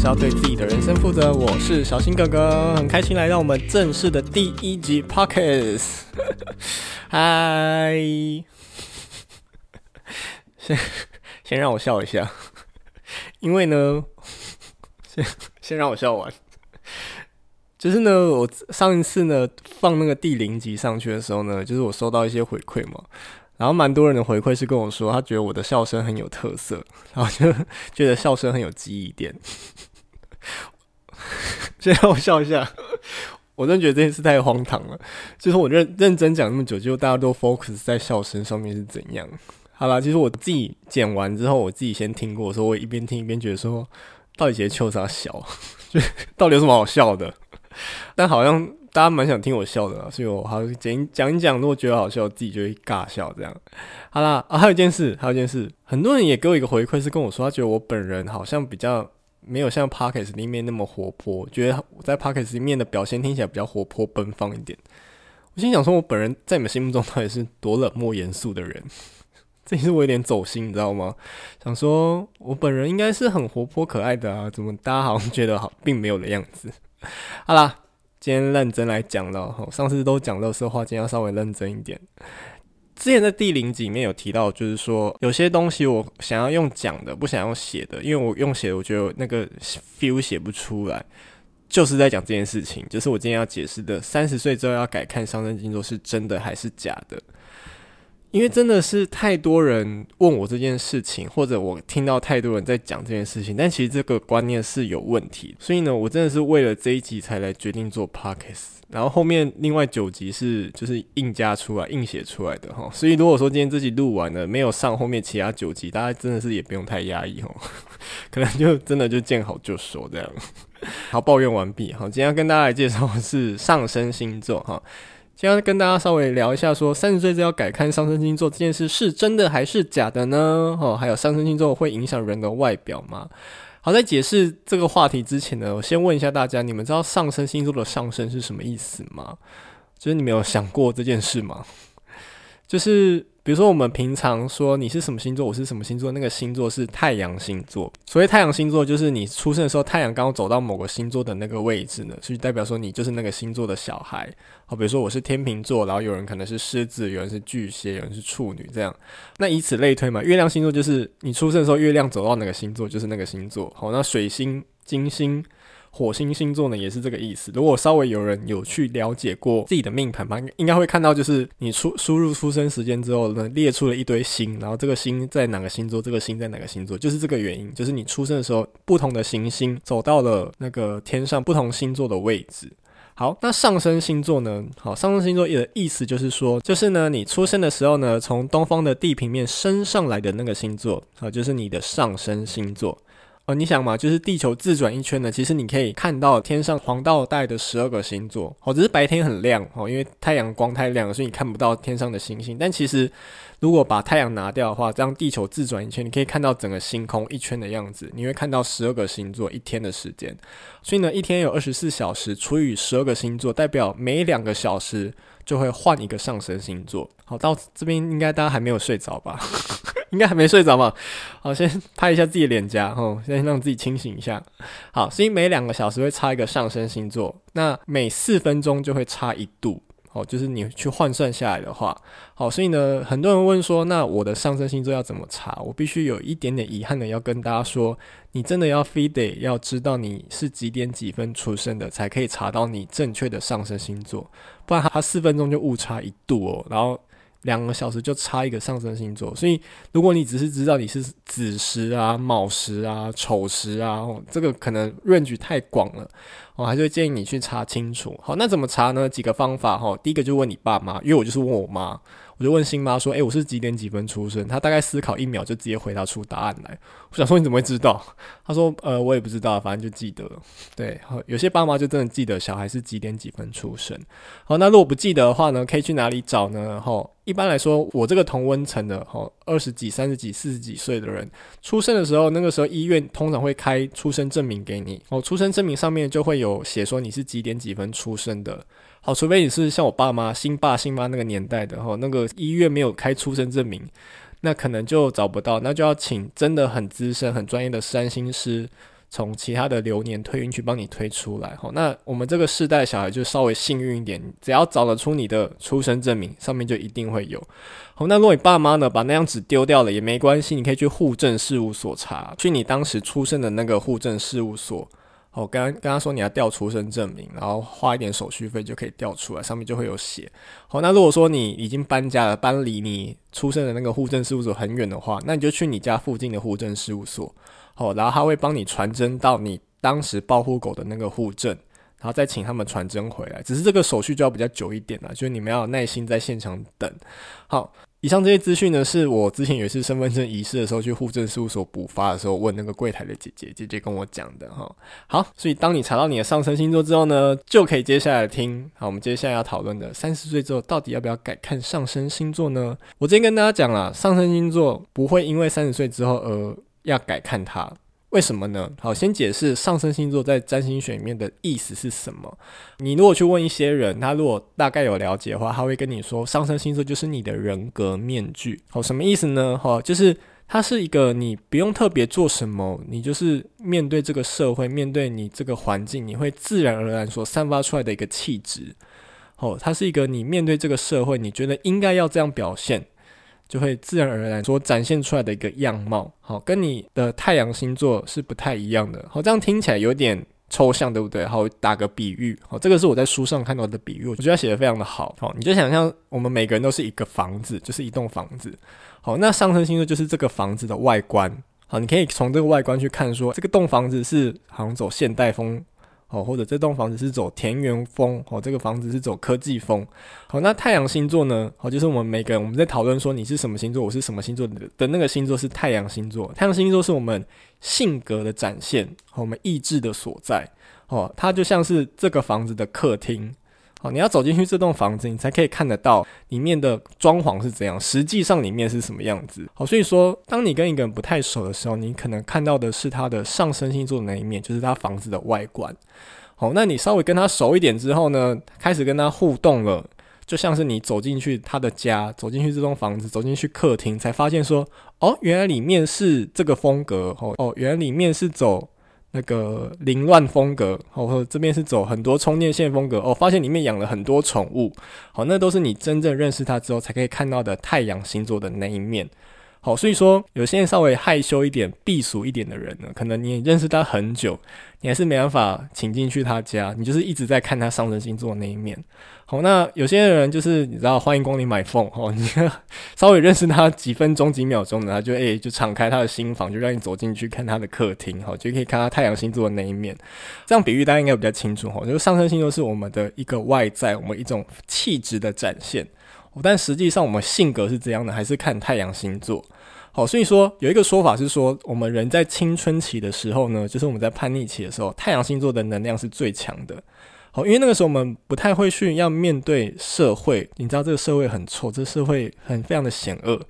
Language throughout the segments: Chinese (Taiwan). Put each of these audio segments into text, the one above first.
是要對自己的人生負責。我是小新哥哥，很開心來到我們正式的第一集 Podcast。嗨 Hi， 先先讓我笑一下， 因為呢，先先讓我笑完。 就是呢，我上一次呢放那個第零集上去的時候呢，就是我收到一些回饋嘛，然後蠻多人的回饋是跟我說，他覺得我的笑聲很有特色，然後就 覺得笑聲很有記憶點。 先讓 我笑一下，我真的覺得這件事太荒唐了。其實我認認真講那麼久，結果大家都 focus 在笑聲上面是怎樣？好啦，其實我自己剪完之後，我自己先聽過，所以我一邊聽一邊覺得說，到底誰秋傻笑？就到底有什麼好笑的？但好像大家蠻想聽我笑的，所以我好像講講一講。如果覺得好笑，我自己就會尬笑這樣。好啦，啊，還有一件事，還有一件事，很多人也給我一個回饋，是跟我說他覺得我本人好像比較。沒有像 podcast 裡面那麼活潑，覺得我在 podcast 裡面的表現聽起來比較活潑奔放一點。我心想說，我本人在你們心目中到底是多冷漠嚴肅的人？這也是我有點走心，你知道嗎？想說我本人應該是很活潑可愛的啊，怎麼大家好像覺得好並沒有的樣子？好、啊、啦，今天認真來講了，上次都講了說話，今天要稍微認真一點。之前在第零集裡面有提到，就是說有些東西我想要用講的，不想要用寫的，因為我用寫的，我覺得那個 feel 寫不出來，就是在講這件事情，就是我今天要解釋的，三十歲之後要改看上升星座是真的還是假的。因為真的是太多人問我這件事情，或者我聽到太多人在講這件事情，但其實這個觀念是有問題的，所以呢，我真的是為了這一集才來決定做 podcast。然後後面另外九集是就是硬加出來，硬寫出來的哈、哦。所以如果說今天這集錄完了，沒有上後面其他九集，大家真的是也不用太壓抑哈，哦、 可能就真的就見好就收這樣。好，抱怨完畢，好，今天要跟大家來介紹的是上升星座哈。哦今天跟大家稍微聊一下說，說三十歲就要改看上升星座這件事是真的還是假的呢？哦，還有上升星座會影響人的外表嗎？好，在解釋這個話題之前呢，我先問一下大家，你們知道上升星座的上升是什麼意思嗎？就是你們有想過這件事嗎？就是。比如說，我們平常說你是什麼星座，我是什麼星座，那個星座是太陽星座，所以太陽星座就是你出生的時候太陽剛好走到某個星座的那個位置呢，所以代表說你就是那個星座的小孩。好，比如說我是天秤座，然後有人可能是獅子，有人是巨蟹，有人是處女，這樣，那以此類推嘛。月亮星座就是你出生的時候月亮走到哪個星座，就是那個星座。好，那水星、金星。火星星座呢，也是這個意思。如果稍微有人有去了解過自己的命盤吧，應該會看到，就是你出輸入出生時間之後呢，列出了一堆星，然後這個星在哪個星座，這個星在哪個星座，就是這個原因，就是你出生的時候，不同的行星走到了那個天上不同星座的位置。好，那上升星座呢？好，上升星座的意思就是說，就是呢，你出生的時候呢，從東方的地平面升上來的那個星座，好，就是你的上升星座。哦，你想嘛，就是地球自轉一圈呢，其實你可以看到天上黃道帶的十二個星座，哦，只是白天很亮哦，因為太陽光太亮，所以你看不到天上的星星，但其實。如果把太陽拿掉的話，讓地球自轉一圈，你可以看到整個星空一圈的樣子。你會看到十二個星座一天的時間，所以呢，一天有二十四小時除以十二個星座，代表每兩個小時就會換一個上升星座。好，到這邊應該大家還沒有睡着吧？ 應該還沒睡着吧？好，先拍一下自己的臉頰，吼，先讓自己清醒一下。好，所以每兩個小時會差一個上升星座，那每四分鐘就會差一度。哦，就是你去換算下來的話，好，所以呢，很多人問說，那我的上升星座要怎麼查？我必須有一點點遺憾的要跟大家說，你真的要非得要知道你是幾點幾分出生的，才可以查到你正確的上升星座，不然它四分鐘就誤差一度哦、喔，然後。兩個小時就差一個上升星座，所以如果你只是知道你是子時啊、卯時啊、丑時啊，哦、這個可能 range 太廣了，我、哦、還是建議你去查清楚。好，那怎麼查呢？幾個方法哈、哦，第一個就問你爸媽，因為我就是問我媽。我就問新媽說：“誒、欸，我是幾點幾分出生？”她大概思考一秒，就直接回答出答案來。我想說你怎麼會知道？她說：“呃，我也不知道，反正就記得。”對，好，有些爸媽就真的記得小孩是幾點幾分出生。好，那如果不記得的話呢，可以去哪裡找呢？然後一般來說，我這個同溫層的，哦，二十幾、三十幾、四十幾歲的人，出生的時候，那個時候醫院通常會開出生證明給你。哦，出生證明上面就會有寫說你是幾點幾分出生的。好，除非你是像我爸媽、新爸、新媽那個年代的哈、哦，那個醫院沒有開出生證明，那可能就找不到，那就要請真的很資深、很專業的占星師，從其他的流年推運去幫你推出來。哈、哦，那我們這個世代小孩就稍微幸運一點，只要找得出你的出生證明，上面就一定會有。好、哦，那如果你爸媽呢，把那張紙丟掉了也沒關係，你可以去戶政事務所查，去你當時出生的那個戶政事務所。哦，剛剛剛說你要調出生證明，然後花一點手續費就可以調出來，上面就會有寫。好、哦，那如果說你已經搬家了，搬離你出生的那個戶政事務所很遠的話，那你就去你家附近的戶政事務所。好、哦，然後他會幫你傳真到你當時報戶口的那個戶政，然後再請他們傳真回來。只是這個手續就要比較久一點了，就是你們要有耐心在現場等。好、哦。以上這些資訊呢，是我之前有一次身份證遺失的時候去戶政事務所補發的時候，問那個櫃檯的姐姐，姐姐跟我講的哈。好，所以當你查到你的上升星座之後呢，就可以接下來聽。好，我們接下來要討論的，三十歲之後到底要不要改看上升星座呢？我之前跟大家講了，上升星座不會因為三十歲之後而要改看它。為什麼呢？好，先解釋上升星座在占星學裡面的意思是什麼。你如果去問一些人，他如果大概有了解的話，他會跟你說，上升星座就是你的人格面具。好，什麼意思呢？哈，就是它是一個你不用特別做什麼，你就是面對這個社會，面對你這個環境，你會自然而然所散發出來的一個氣質。好，它是一個你面對這個社會，你覺得應該要這樣表現，就會自然而然所展現出來的一個樣貌，好，跟你的太陽星座是不太一樣的。好，這樣聽起來有點抽象，對不對？好，打個比喻，好，這個是我在書上看到的比喻，我覺得寫得非常的好。好，你就想象我們每個人都是一個房子，就是一棟房子。好，那上升星座就是這個房子的外觀。好，你可以從這個外觀去看說，說這個棟房子是好像走現代風。哦，或者這棟房子是走田園風，哦，這個房子是走科技風。好、哦，那太陽星座呢？哦，就是我們每個人我們在討論說你是什麼星座，我是什麼星座的的那個星座是太陽星座。太陽星座是我們性格的展現，和、哦、我們意志的所在。哦，它就像是這個房子的客廳。好，你要走進去這棟房子，你才可以看得到裡面的裝潢是怎樣，實際上裡面是什麼樣子？好，所以說，當你跟一個人不太熟的時候，你可能看到的是他的上升星座的那一面，就是他房子的外觀。好，那你稍微跟他熟一點之後呢，開始跟他互動了，就像是你走進去他的家，走進去這棟房子，走進去客廳，才發現說，哦，原來裡面是這個風格。哦，哦，原來裡面是走。那個凌亂風格，哦，這邊是走很多充電線風格，哦，發現裡面養了很多寵物，好，那都是你真正認識它之後才可以看到的太陽星座的那一面。好，所以說有些人稍微害羞一點、避俗一點的人呢，可能你也認識他很久，你還是沒辦法請進去他家，你就是一直在看他上升星座的那一面。好，那有些人就是你知道，歡迎光臨買 phone，哈、哦，你稍微認識他幾分鐘、幾秒鐘的，然後就誒、哎、就敞開他的心房，就讓你走進去看他的客廳，哈、哦，就可以看他太陽星座的那一面。這樣比喻大家應該有比較清楚，哈、哦，就是上升星座是我們的一個外在，我們一種氣質的展現。但實際上，我們性格是這樣的，還是看太陽星座？好，所以說有一個說法是說，我們人在青春期的時候呢，就是我們在叛逆期的時候，太陽星座的能量是最強的。好，因為那個時候我們不太會去要面對社會，你知道這個社會很錯，這社會很非常的險惡。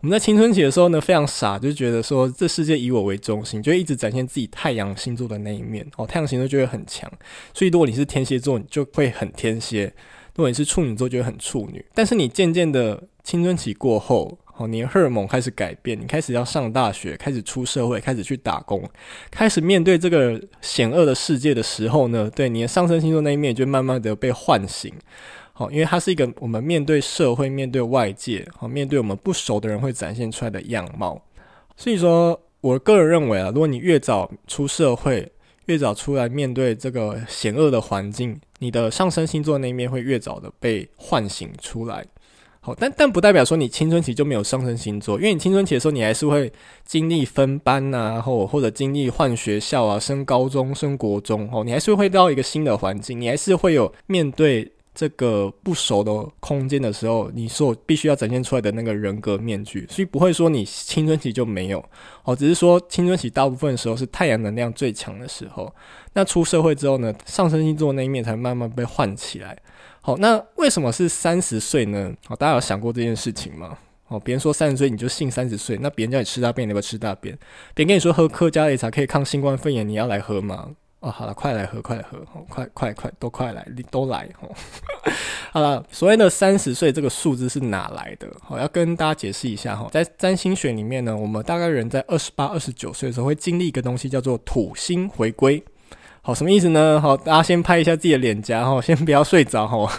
我們在青春期的時候呢，非常傻，就覺得說這世界以我為中心，就一直展現自己太陽星座的那一面。好，太陽星座就會很強，所以如果你是天蠍座，你就會很天蠍。如果你是處女座，就會很處女。但是你漸漸的青春期過後，好，你的荷爾蒙開始改變，你開始要上大學，開始出社會，開始去打工，開始面對這個險惡的世界的時候呢，對你的上升星座那一面就慢慢的被喚醒。好，因為它是一個我們面對社會、面對外界、好，面對我們不熟的人會展現出來的樣貌。所以說，我個人認為啊，如果你越早出社會，越早出來面對這個險惡的環境。你的上升星座那一面會越早的被喚醒出來，好，但但不代表說你青春期就沒有上升星座，因為你青春期的時候你還是會經歷分班吶，啊，或或者經歷換學校啊，升高中、升國中，哦，你還是會到一個新的環境，你還是會有面對。這個不熟的空間的時候，你所必須要展現出來的那個人格面具，所以不會說你青春期就沒有，哦，只是說青春期大部分的時候是太陽能量最強的時候，那出社會之後呢，上升星座那一面才慢慢被喚起來。好，哦，那為什麼是三十歲呢？哦，大家有想過這件事情嗎？哦，別人說三十歲你就信三十歲，那別人叫你吃大便你有沒有吃大便？別人跟你說喝客家擂茶可以抗新冠肺炎，你要來喝嗎？哦，好了，快來喝，快來喝，哦，快快快，都快來，都來，哈、哦， 好了，所謂的三十歲這個數字是哪來的？好、哦，要跟大家解釋一下哈、哦，在占星學裡面呢，我們大概人在二十八、二十九歲的時候會經歷一個東西，叫做土星回歸。好，什麼意思呢？好，大家先拍一下自己的臉頰，哈、哦，先不要睡着，哈、哦，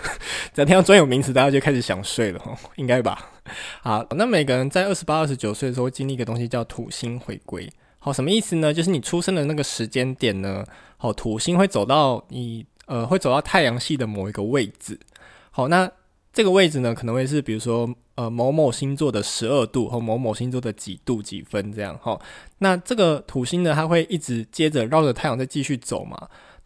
只要 聽到專有名詞，大家就開始想睡了，哈、哦，應該吧？好，那每個人在二十八、二十九歲的時候會經歷一個東西，叫土星回歸。好，什麼意思呢？就是你出生的那個時間點呢，好，土星會走到你呃，會走到太陽系的某一個位置。好，那這個位置呢，可能會是比如說呃某某星座的十二度和某某星座的幾度幾分這樣。好，那這個土星呢，它會一直接着繞着太陽再繼續走嘛。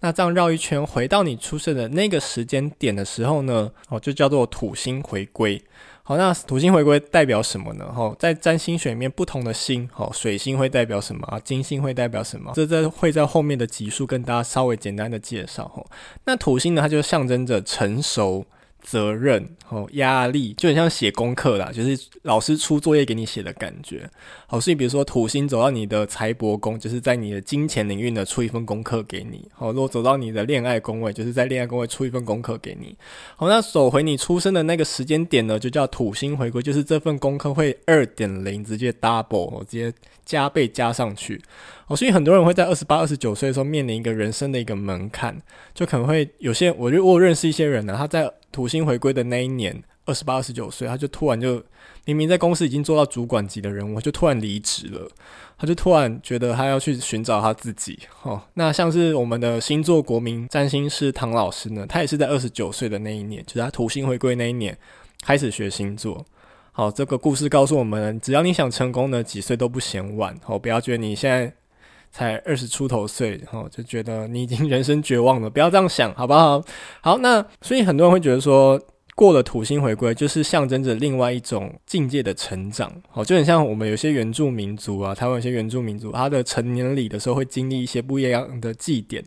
那這樣繞一圈，回到你出生的那個時間點的時候呢，哦，就叫做土星回歸。好，那土星回歸代表什麼呢？吼、哦，在占星學裡面，不同的星，吼、哦，水星會代表什麼？啊，金星會代表什麼？這在會在後面的集數跟大家稍微簡單的介紹。吼、哦，那土星呢，它就象徵着成熟。責任哦，壓力就很像寫功課啦，就是老師出作業給你寫的感覺。好，所以比如說土星走到你的財帛宮，就是在你的金錢領域呢出一份功課給你。好，如果走到你的戀愛宮位，就是在戀愛宮位出一份功課給你。好，那走回你出生的那個時間點呢，就叫土星回歸，就是這份功課會二點零直接 double，直接加倍加上去。好，所以很多人會在二十八、二十九歲的時候面臨一個人生的一個門檻，就可能會有些，我就我認識一些人呢，啊，他在。土星回歸的那一年，二十八、二十九歲，他就突然就明明在公司已經做到主管級的人物，我就突然離職了。他就突然覺得他要去尋找他自己。好、哦，那像是我們的星座國民占星師唐老師呢，他也是在二十九歲的那一年，就是他土星回歸那一年開始學星座。好、哦，這個故事告訴我們，只要你想成功呢，幾歲都不嫌晚。好、哦，不要覺得你現在。才二十出頭歲，然後，哦，就覺得你已經人生絕望了，不要這樣想，好不好？好，那所以很多人會覺得說，過了土星回歸就是象徵着另外一種境界的成長，哦，就很像我們有些原住民族啊，台灣有些原住民族，他的成年禮的時候會經歷一些不一樣的祭典，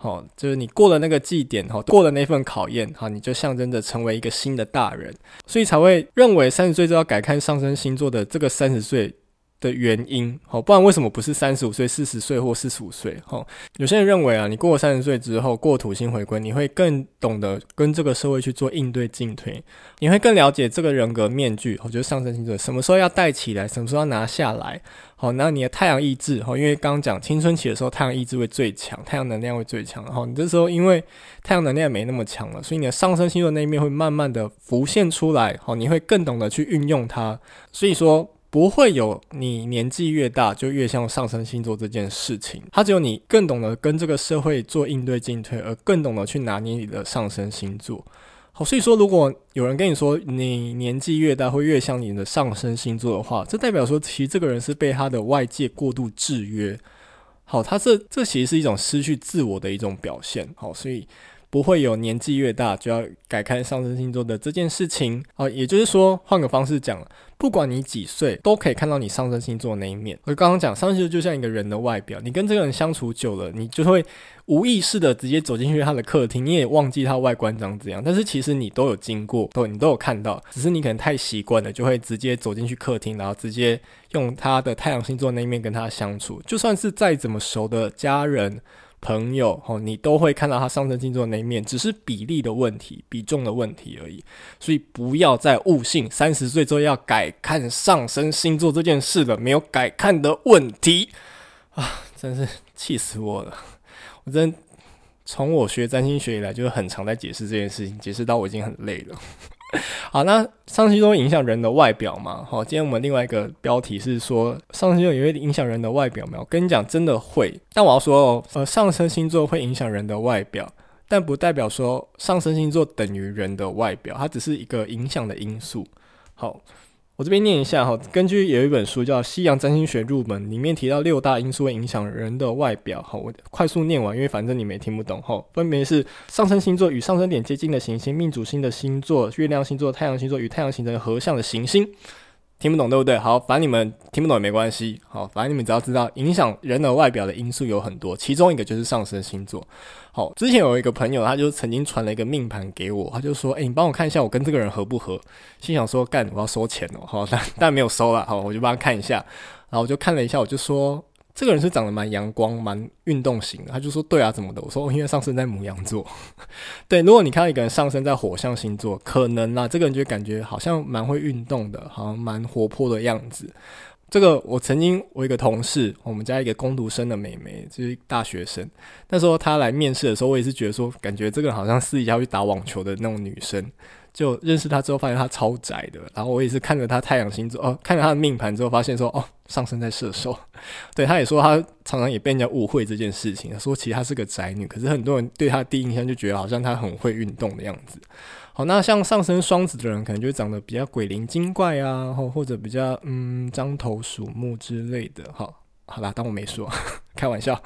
哦，就是你過了那個祭典，哦，過了那份考驗，哈、哦，你就象徵着成為一個新的大人，所以才會認為三十歲就要改看上升星座的這個三十歲的原因，好、哦，不然為什麼不是三十五歲、四十歲或四十五歲？哈、哦，有些人認為啊，你過了三十歲之後，過土星回歸，你會更懂得跟這個社會去做應對進退，你會更了解這個人格面具。我覺得上升星座什麼時候要戴起來，什麼時候要拿下來。好、哦，那你的太陽意志，哈、哦，因為剛剛講青春期的時候，太陽意志會最強，太陽能量會最強。然後、哦，你這時候因為太陽能量也沒那麼強了，所以你的上升星座那一面會慢慢的浮現出來。好、哦，你會更懂得去運用它。所以說。不會有你年紀越大就越像上升星座這件事情，它只有你更懂得跟這個社會做應對進退，而更懂得去拿捏你的上升星座。好，所以說如果有人跟你說，你年紀越大會越像你的上升星座的話，這代表說其實這個人是被他的外界過度製約。好，他這這其實是一種失去自我的一種表現。好，所以。不會有年紀越大就要改看上升星座的這件事情哦，也就是說，換個方式講，不管你幾歲，都可以看到你上升星座的那一面。我剛剛講上升星座就就像一個人的外表，你跟這個人相處久了，你就會無意識的直接走進去他的客廳，你也忘記他外觀長怎樣，但是其實你都有經過，對你都有看到，只是你可能太習慣了，就會直接走進去客廳，然後直接用他的太陽星座那一面跟他相處。就算是再怎麼熟的家人、朋友，吼，你都會看到他上升星座的那一面，只是比例的問題、比重的問題而已。所以不要再誤信三十歲就要改看上升星座這件事了，沒有改看的問題啊！真是氣死我了！我真從我學占星學以來，就是很常在解釋這件事情，解釋到我已經很累了。 好，那上升星座會影響人的外表嗎？好，今天我們另外一個標題是說上升星座也會影響人的外表嗎？我跟你講，真的會。但我要說哦，呃，上升星座會影響人的外表，但不代表說上升星座等於人的外表，它只是一個影響的因素。好。我這邊念一下哈，根據有一本書叫《西洋占星學入門》，裡面提到六大因素會影響人的外表。好，我快速念完，因為反正你們也聽不懂哈。分別是上升星座、與上升點接近的行星、命主星的星座、月亮星座、太陽星座、與太陽形成合相的行星。聽不懂對不對？好，反正你們聽不懂也沒關係。好，反正你們只要知道影響人的外表的因素有很多，其中一個就是上升星座。好，之前有一個朋友，他就曾經傳了一個命盤給我，他就說，誒、欸，你幫我看一下，我跟這個人合不合？心想說，幹，我要收錢哦、喔，好，但但沒有收啦，好，我就幫他看一下，然後我就看了一下，我就說，這個人是長得蠻陽光、蠻運動型的，他就說，對啊，怎麼的？我說，哦、因為上升在牡羊座， 對，如果你看到一個人上升在火象星座，可能啦、啊，這個人就感覺好像蠻會運動的，好像蠻活潑的樣子。這個我曾經我一個同事，我們家一個工讀生的妹妹，就是大學生。那時候她來面試的時候，我也是覺得說，感覺這個人好像是要去打網球的那種女生。就認識她之後，發現她超宅的。然後我也是看着她太陽星座，哦，看着她的命盤之後，發現說，哦，上升在射手。對，她也說她常常也被人家誤會這件事情，說其實她是個宅女。可是很多人對她的第一印象就覺得好像她很會運動的樣子。好，那像上升雙子的人，可能就長得比較鬼靈精怪啊，或或者比較嗯獐頭鼠目之類的，好好吧，當我沒說，開玩笑。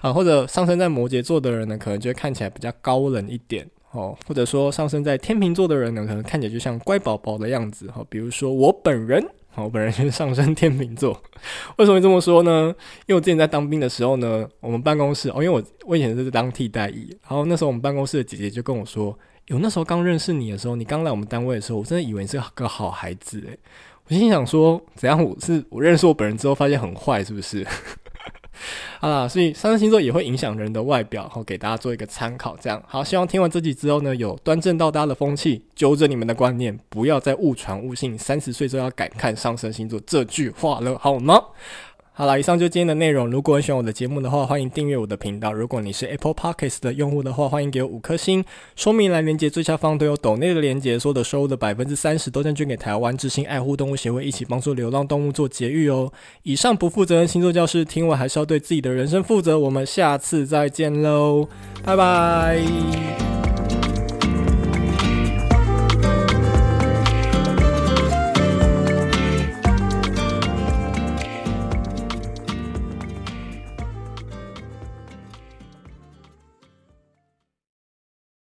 啊，或者上升在摩羯座的人呢，可能就會看起來比較高冷一點哦，或者說上升在天秤座的人呢，可能看起來就像乖寶寶的樣子，哈，比如說我本人。好，我本人就是上升天秤座， 為什麼這麼說呢？因為我之前在當兵的時候呢，我們辦公室哦，因為我我以前是當替代役，然後那時候我們辦公室的姐姐就跟我說，有、欸、那時候剛認識你的時候，你剛來我們單位的時候，我真的以為你是個好孩子誒，我心想說怎樣？我是我認識我本人之後發現很壞，是不是？啊，所以上升星座也會影響人的外表，給大家做一個參考，這樣。好，希望聽完這集之後呢，有端正到大家的風氣，糾正你們的觀念，不要再誤傳誤信“三十歲就要改看上升星座”這句話了，好嗎？好了，以上就是今天的內容。如果你喜歡我的節目的話，歡迎訂閱我的頻道。如果你是 Apple Podcasts 的用戶的話，歡迎給我五顆星。說明欄連接最下方都有抖內的連接。所有的收入的百分之三十都將捐給臺灣之心愛護動物協會，一起幫助流浪動物做絕育哦。以上不負責任星座教室，聽完還是要對自己的人生負責。我們下次再見嘍，拜拜。